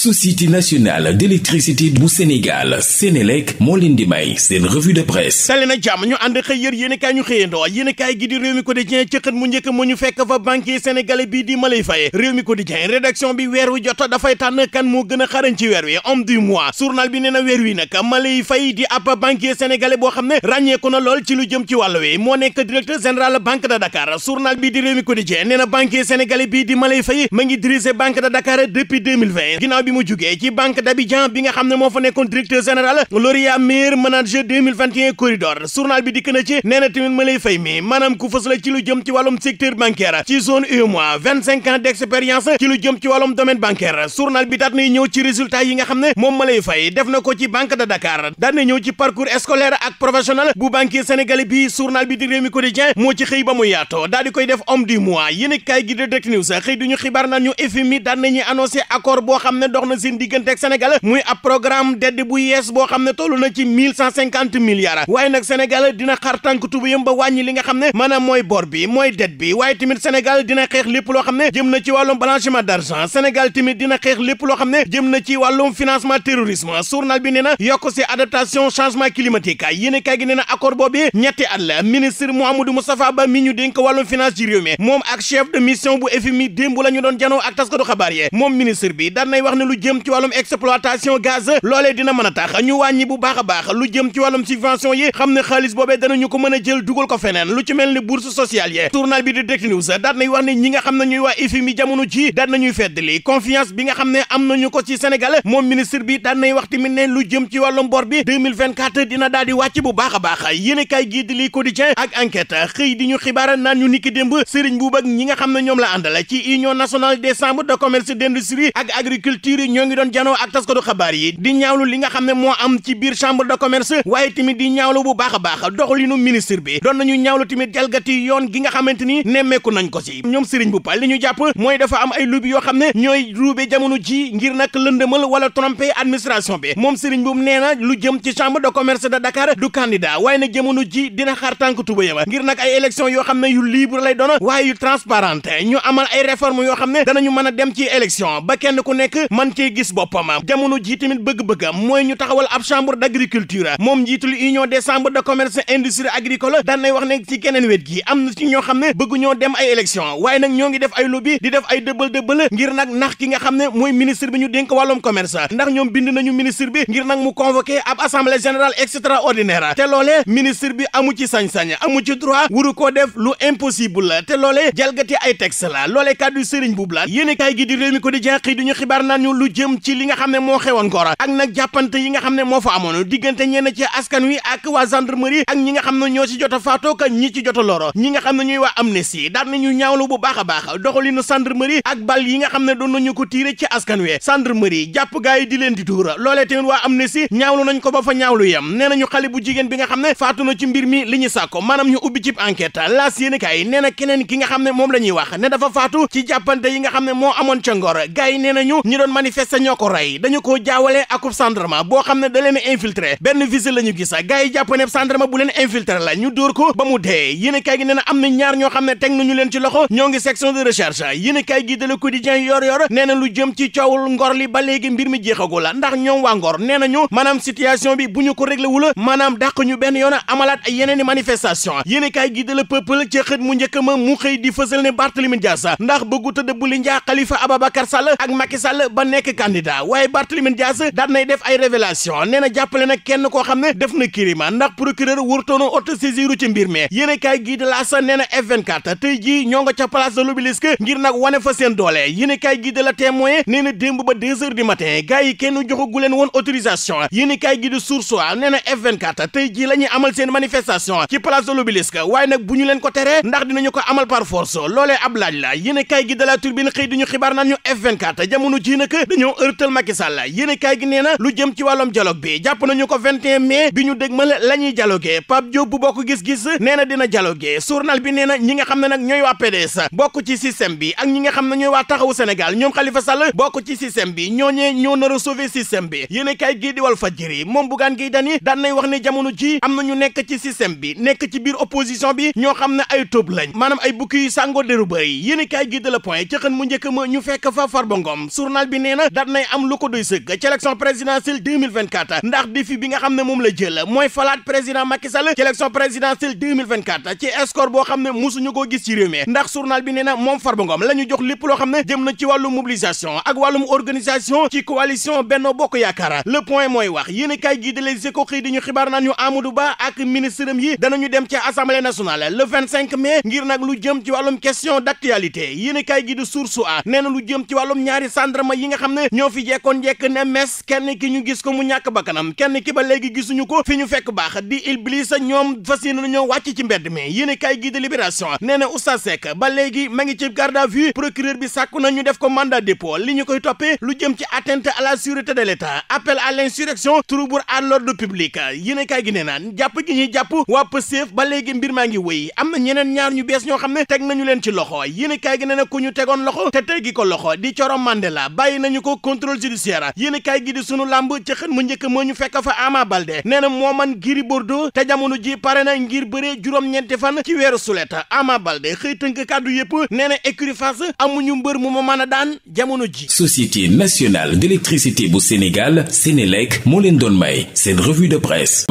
société nationale d'électricité bu Sénégal Sénélec moo leen di may seen revue de presse tali na jàmm ñu ànd xëy yër yéen i kaay ñu xëyandoo yéen i kaay gi di réew mi quotidien fekk fa banquier sénégalais di Malay Faye réew bi weer wi jot dafay tànn kan moo gën a xarañ ci weer wi homme du mois journal bi nee na weer wi nag Malay Faye di ab banquier sénégalais boo xam ne ràññeeku na lool ci lu jëm ci wàll wi moo nekk directeur général banque de Dakar journal bi di réew mi quotidien di Malay Faye bi mu jugee ci banque d'Abidjan bi nga xam ne moo fa nekkoon directeur général lauréat meilleur manager 2021 corridor journal bi dikk na ci nee na tamit fay mi maanaam ku fës ci lu jëm ci wàllum secteur bancaire ci zone UEMOA vingt cinq ans d'expérience ci lu jëm ci wàllum domaine bancaire journal bi daat nay ñëw ci résultat yi nga xam ne moom ma fay def na ko ci banque de Dakar daat na ñëw ci parcours scolaire ak professionnel bu banquier sénégalais dox na seen programme d'aide bu yees boo xam ne toll na ci mille cent cinquante milliards waaye nag Sénégal dina xar tànk tubéyam ba wàññi li xam ne maanaam mooy bor bi mooy dette bi waaye tamit Sénégal dina xeex lépp xam ne jëm na ci wàllum blanchiment d'argent Sénégal tamit dina xeex lépp loo xam ne jëm na ci wàllum financement terrorisme journal bi nee na yokk si adaptation changement climatique yéen kay gi nee na accord boobu ñetti at la ministre Mouhamadou Moustapha Ba mi ñu ñu doon janoo ak taskatu xabaar bi lu jëm ci wàllum exploitation gaz loolee dina mën a tax ñu wàññi bu baax a baax lu jëm ci wàllum subvention yi xam ne xaalis boobee danañu ko mën a jël dugal ko feneen lu ci mel ni bourse sociale yi journal bi di Direct News daat nay wax ne ñi nga xam ne ñuy waa IFMI jamono ji daat nañuy feddali confiance bi nga xam ne am nañu ko ci Sénégal moom ministre bi daat nay wax tamit ne lu jëm ci wàllum bor bi 2024 dina daal di wàcc bu baax a baax yéene kaay gii di ñi nga xam ne ñoom la àndal ci union nationale des chambres de commerce procureur ñoo ngi doon janoo ak taskatu xabaar yi di ñaawlu li nga xam ne moo am ci biir chambre de commerce waaye tamit di ñaawlu bu baax a baax doxalinu ministre bi doon nañu ñaawlu tamit jalgati yoon gi nga xamante nemmeeku nañ ko si ñoom Serigne Mboup li ñu jàpp mooy dafa am ay lobby yoo xam ne ñooy ruube jamono ji ngir nag lëndëmal wala tromper administration bi moom Serigne Mboup nee lu jëm ci chambre de commerce da Dakar du candidat waaye nag jamono ji dina yoo xam ne yu libre yoo xam ne danañu mën a dem ci man cee gis boppam jamono ji tamit bëgg-bëggam mooy ñu taxawal ab chambre d'agriculture moom njiitul union des chambres de commerce industrie agricole daan nay wax ne ci keneen wet gi am na ci ñoo xam ne bëgguñoo dem ay élection waaye nag ñoo ngi def ay lobby di def ay dëbbal dëbbal ngir nag nax ki nga xam ne mooy ministre bi ñu dénk wàllum commerce ndax ñoom bind nañu ministre bi ngir nag mu convoqué ab assemblée générale extraordinaire te loole ministre bi amu ci sañ-sañ amu ci droit wuru def lu impossible la te loolee jalgati ay texte la la yéen kaay gi di réew mi ko di lu jëm ci li nga xam ne moo xewoon Ngor ak nag jàppante yi nga xam ne moo fa amoon diggante ñenn ci askan wi ak waa gendarmerie ak ñi nga xam ne ñoo ci jot a faatoo ak ñi ci a loro ñi nga xam ne ñuy a xam ne doon nañu ko tiire ci askan wi gendarmerie jàpp gaa yi manifester da leen infiltré benn ne gendarme bu leen infiltré la ñu dóor ko ba xam ne teg nañu leen le quotidien yor yor nee na mi jeexagul la ndax ñoom waa ngor nee nañu maanaam situation bi bu ñu ko réglé wula maanaam dàq ñu benn yoon amalaat a yeneen i manifestation yéen kay gi de le peuple ci xët mu njëkk ma mu xëy di fësal ne Barthélémy Dias ndax bëggu tëdd bu li njaa Khalifa Ababacar Sall ak nekk candidat waaye Barthélémy Dias daan nay def ay révélation nee na jàppale nag kenn koo xam ne def na kirima ndax procureur wurtoonu autosaisiru ci mbir mi yéen a kaay gii de la sa nee na F24 tey jii ñoo nga ca place de l'Obélisque ngir nag wane fa seen doole yéen a kaay gii de la témoin nee na démb ba deux heures du matin gars yi kenn joxagu leen woon autorisation yéen kaay gii de Source A nee na tey jii la ñuy amal seen manifestation ci place de l'Obélisque waaye nag bu ñu leen ko tere ndax dinañu ko amal par force loolee ab la yéen a kaay gii de la Tribune xëy diñu xibaar naan ñu F24 jamono ji nag dañoo ërtal Macky Sall yéen kaay gi nee na lu jëm ci wàllum dialogue bi jàpp nañu ko 21 mai bi ñu dégmal la ñuy dialogué Pape Diop bu bokk gis-gis nee na dina dialogué journal bi nee na ñi nga xam ne nag ñooy waa PDS bokk ci système bi ak ñi nga xam ne ñooy waa taxawu Sénégal ñoom Khalifa Sall bokk ci système bi ñooñee ñoo nar a sauver système bi yéen kaay gii di wal fajiri moom Bougane Gueye Dany daan nay wax ne jamono ji am nañu ñu nekk ci système bi nekk ci biir opposition bi ñoo xam ne ay lañ maanaam ay bukki yu sàngoo deru bëri yéen kaay gii de la point mu njëkk ma ñu fekk fa nee na daat nay am lu ko doy sëkk ci élection présidentielle 2024 ndax défi bi nga xam ne moom la jël mooy falaat président Macky Sall ci élection présidentielle boo xam ne musuñu koo gis ci réew ndax journal bi nee moom Farba Ngom la ñu jox lépp xam ne jëm na ci wàllum mobilisation ak wàllum organisation ci coalition Benno Bokk Yaakaar le point mooy wax yéen a kaay gii de Les Échos xëy di ñu xibaar naan ñu Amadou Ba ak ministre yi danañu dem ci assemblée nationale xam ne ñoo fi jekkoon njekk ne mes kenn ki ñu gis ko mu ñàkk bakkanam kenn ki ba léegi gisuñu ko fi ñu fekk baax di Iblisa ñoom fas yéene ñoo wàcc ci mbedd mi yéen kay gi de libération nee na Oustaz Seck ba léegi ma ngi ci garda à vue bi sàkku na ñu def ko manda dépôt li ñu koy toppee lu jëm ci atteinte à la sûreté de l'État appel à l'insurrection trouble à l'ordre public yéen kay gi nee na jàpp gi ñuy jàpp waa Pastef ba léegi mbir maa ngi wéy am na ñeneen ñaar ñu bees ñoo xam ne teg nañu leen ci loxo yéen kay gi nee na ku ñu tegoon loxo te teggi ko loxo di Coro Mandela bàyyi na ñu ko contrôle judiciaire yéen kaay gi suñu làmb ci xën mu njëkk moo ñu fekk fa Ama Baldé nee na moo man Gris Bordeaux te jamono ji pare na ngir bëree juróom-ñeenti fan ci weeru sulet Ama Baldé xëy tënk kàddu yépp nee na écurie Fass amuñu mbër mu ma mën a daan jamono ji Société nationale d'électricité bu Sénégal Sénélec moo leen doon may seen revue de presse